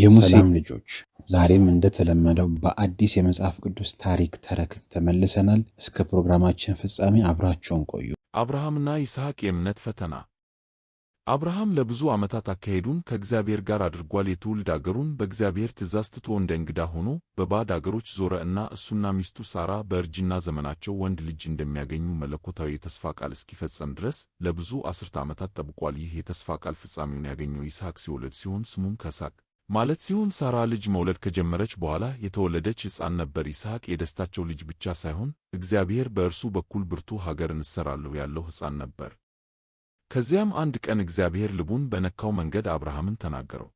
የሙሴ ልጆች ዛሬም እንደተለመደው በአዲስ የመጽሐፍ ቅዱስ ታሪክ ተረክም ተመልሰናል። እስከ ፕሮግራማችን ፍጻሜ አብራቸውን ቆዩ። አብርሃምና ይስሐቅ የእምነት ፈተና። አብርሃም ለብዙ ዓመታት አካሄዱን ከእግዚአብሔር ጋር አድርጓል። የትውልድ አገሩን በእግዚአብሔር ትእዛዝ ትቶ እንደ እንግዳ ሆኖ በባዕድ አገሮች ዞረ እና እሱና ሚስቱ ሳራ በእርጅና ዘመናቸው ወንድ ልጅ እንደሚያገኙ መለኮታዊ የተስፋ ቃል እስኪፈጸም ድረስ ለብዙ አስርተ ዓመታት ጠብቋል። ይህ የተስፋ ቃል ፍጻሜውን ያገኘው ይስሐቅ ሲወለድ ሲሆን ስሙም ከሳቅ ማለት ሲሆን ሳራ ልጅ መውለድ ከጀመረች በኋላ የተወለደች ሕፃን ነበር። ይስሐቅ የደስታቸው ልጅ ብቻ ሳይሆን እግዚአብሔር በእርሱ በኩል ብርቱ ሀገርን እሠራለሁ ያለው ሕፃን ነበር። ከዚያም አንድ ቀን እግዚአብሔር ልቡን በነካው መንገድ አብርሃምን ተናገረው።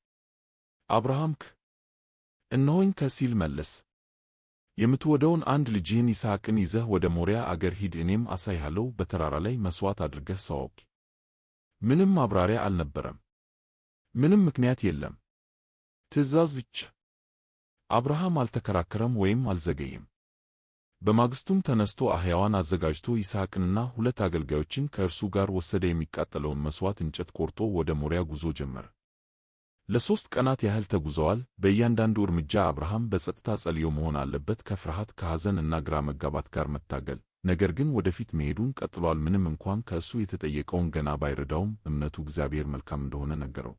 አብርሃም ክ እነሆኝ ከሲል መለስ የምትወደውን አንድ ልጅህን ይስሐቅን ይዘህ ወደ ሞሪያ አገር ሂድ፣ እኔም አሳይሃለሁ። በተራራ ላይ መሥዋዕት አድርገህ ሰዋው። ምንም ማብራሪያ አልነበረም። ምንም ምክንያት የለም። ትእዛዝ ብቻ። አብርሃም አልተከራከረም ወይም አልዘገየም። በማግስቱም ተነስቶ አህያዋን አዘጋጅቶ ይስሐቅንና ሁለት አገልጋዮችን ከእርሱ ጋር ወሰደ። የሚቃጠለውን መሥዋዕት እንጨት ቆርጦ ወደ ሞሪያ ጉዞ ጀመረ። ለሦስት ቀናት ያህል ተጉዘዋል። በእያንዳንዱ እርምጃ አብርሃም በጸጥታ ጸልዮ መሆን አለበት፣ ከፍርሃት ከሐዘን እና ግራ መጋባት ጋር መታገል። ነገር ግን ወደፊት መሄዱን ቀጥሏል። ምንም እንኳን ከእሱ የተጠየቀውን ገና ባይረዳውም እምነቱ እግዚአብሔር መልካም እንደሆነ ነገረው።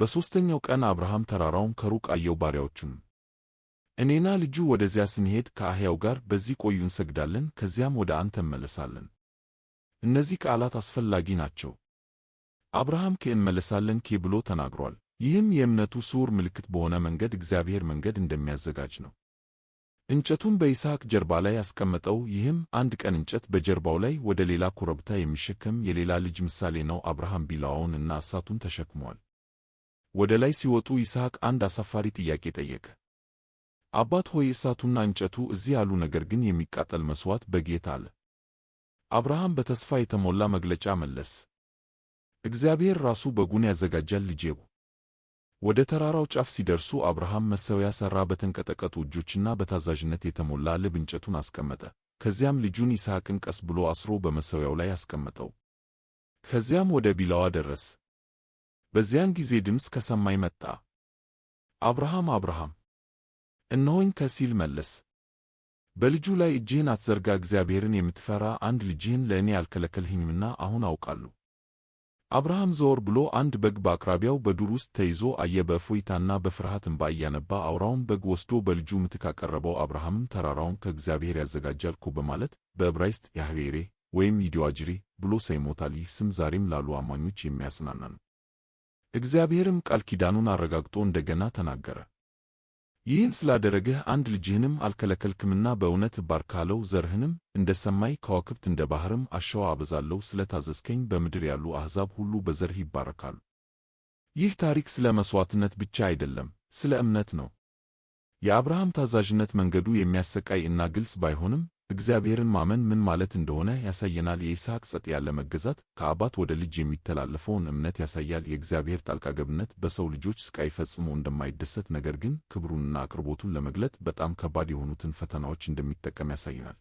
በሦስተኛው ቀን አብርሃም ተራራውን ከሩቅ አየው። ባሪያዎቹንም እኔና ልጁ ወደዚያ ስንሄድ ከአህያው ጋር በዚህ ቆዩ፣ እንሰግዳለን፣ ከዚያም ወደ አንተ እንመለሳለን። እነዚህ ቃላት አስፈላጊ ናቸው። አብርሃም እንመለሳለን ኬ ብሎ ተናግሯል። ይህም የእምነቱ ስውር ምልክት በሆነ መንገድ እግዚአብሔር መንገድ እንደሚያዘጋጅ ነው። እንጨቱን በይስሐቅ ጀርባ ላይ ያስቀመጠው ይህም አንድ ቀን እንጨት በጀርባው ላይ ወደ ሌላ ኮረብታ የሚሸከም የሌላ ልጅ ምሳሌ ነው። አብርሃም ቢላዋውን እና እሳቱን ተሸክሟል። ወደ ላይ ሲወጡ ይስሐቅ አንድ አሳፋሪ ጥያቄ ጠየቀ። አባት ሆይ እሳቱና እንጨቱ እዚህ ያሉ፣ ነገር ግን የሚቃጠል መሥዋዕት በጌታ አለ። አብርሃም በተስፋ የተሞላ መግለጫ መለስ። እግዚአብሔር ራሱ በጉን ያዘጋጃል ልጄው። ወደ ተራራው ጫፍ ሲደርሱ አብርሃም መሠዊያ ሠራ። በተንቀጠቀጡ እጆችና በታዛዥነት የተሞላ ልብ እንጨቱን አስቀመጠ። ከዚያም ልጁን ይስሐቅን ቀስ ብሎ አስሮ በመሠዊያው ላይ አስቀመጠው። ከዚያም ወደ ቢላዋ ደረስ በዚያን ጊዜ ድምፅ ከሰማይ መጣ። አብርሃም አብርሃም እነሆኝ ከሲል መለስ። በልጁ ላይ እጅህን አትዘርጋ፣ እግዚአብሔርን የምትፈራ አንድ ልጅህን ለእኔ አልከለከልህኝምና አሁን አውቃለሁ። አብርሃም ዘወር ብሎ አንድ በግ በአቅራቢያው በዱር ውስጥ ተይዞ አየ። በእፎይታና በፍርሃት እንባ እያነባ አውራውን በግ ወስዶ በልጁ ምትክ አቀረበው። አብርሃምም ተራራውን ከእግዚአብሔር ያዘጋጃል እኮ በማለት በዕብራይስጥ ያህቤሬ ወይም ይዲዋጅሪ ብሎ ሰይሞታል። ይህ ስም ዛሬም ላሉ አማኞች የሚያስናናነው። ነው። እግዚአብሔርም ቃል ኪዳኑን አረጋግጦ እንደገና ተናገረ። ይህን ስላደረገ አንድ ልጅህንም አልከለከልክምና በእውነት ባርካለው ዘርህንም እንደ ሰማይ ከዋክብት እንደ ባሕርም አሸዋ አበዛለሁ። ስለ ታዘዝከኝ በምድር ያሉ አሕዛብ ሁሉ በዘርህ ይባረካሉ። ይህ ታሪክ ስለ መሥዋዕትነት ብቻ አይደለም፣ ስለ እምነት ነው። የአብርሃም ታዛዥነት መንገዱ የሚያሰቃይ እና ግልጽ ባይሆንም እግዚአብሔርን ማመን ምን ማለት እንደሆነ ያሳየናል። የይስሐቅ ጸጥ ያለ መገዛት ከአባት ወደ ልጅ የሚተላለፈውን እምነት ያሳያል። የእግዚአብሔር ጣልቃ ገብነት በሰው ልጆች ስቃይ ፈጽሞ እንደማይደሰት ነገር ግን ክብሩንና አቅርቦቱን ለመግለጥ በጣም ከባድ የሆኑትን ፈተናዎች እንደሚጠቀም ያሳየናል።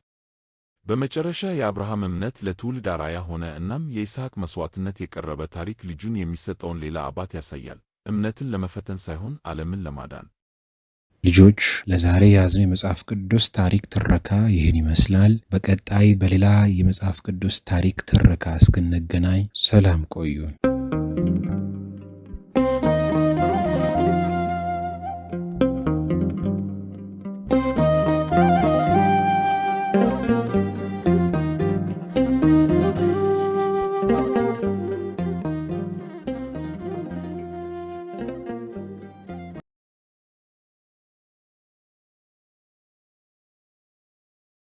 በመጨረሻ የአብርሃም እምነት ለትውልድ አርአያ ሆነ። እናም የይስሐቅ መሥዋዕትነት የቀረበ ታሪክ ልጁን የሚሰጠውን ሌላ አባት ያሳያል፣ እምነትን ለመፈተን ሳይሆን ዓለምን ለማዳን። ልጆች ለዛሬ የያዝነው የመጽሐፍ ቅዱስ ታሪክ ትረካ ይህን ይመስላል። በቀጣይ በሌላ የመጽሐፍ ቅዱስ ታሪክ ትረካ እስክንገናኝ ሰላም ቆዩን።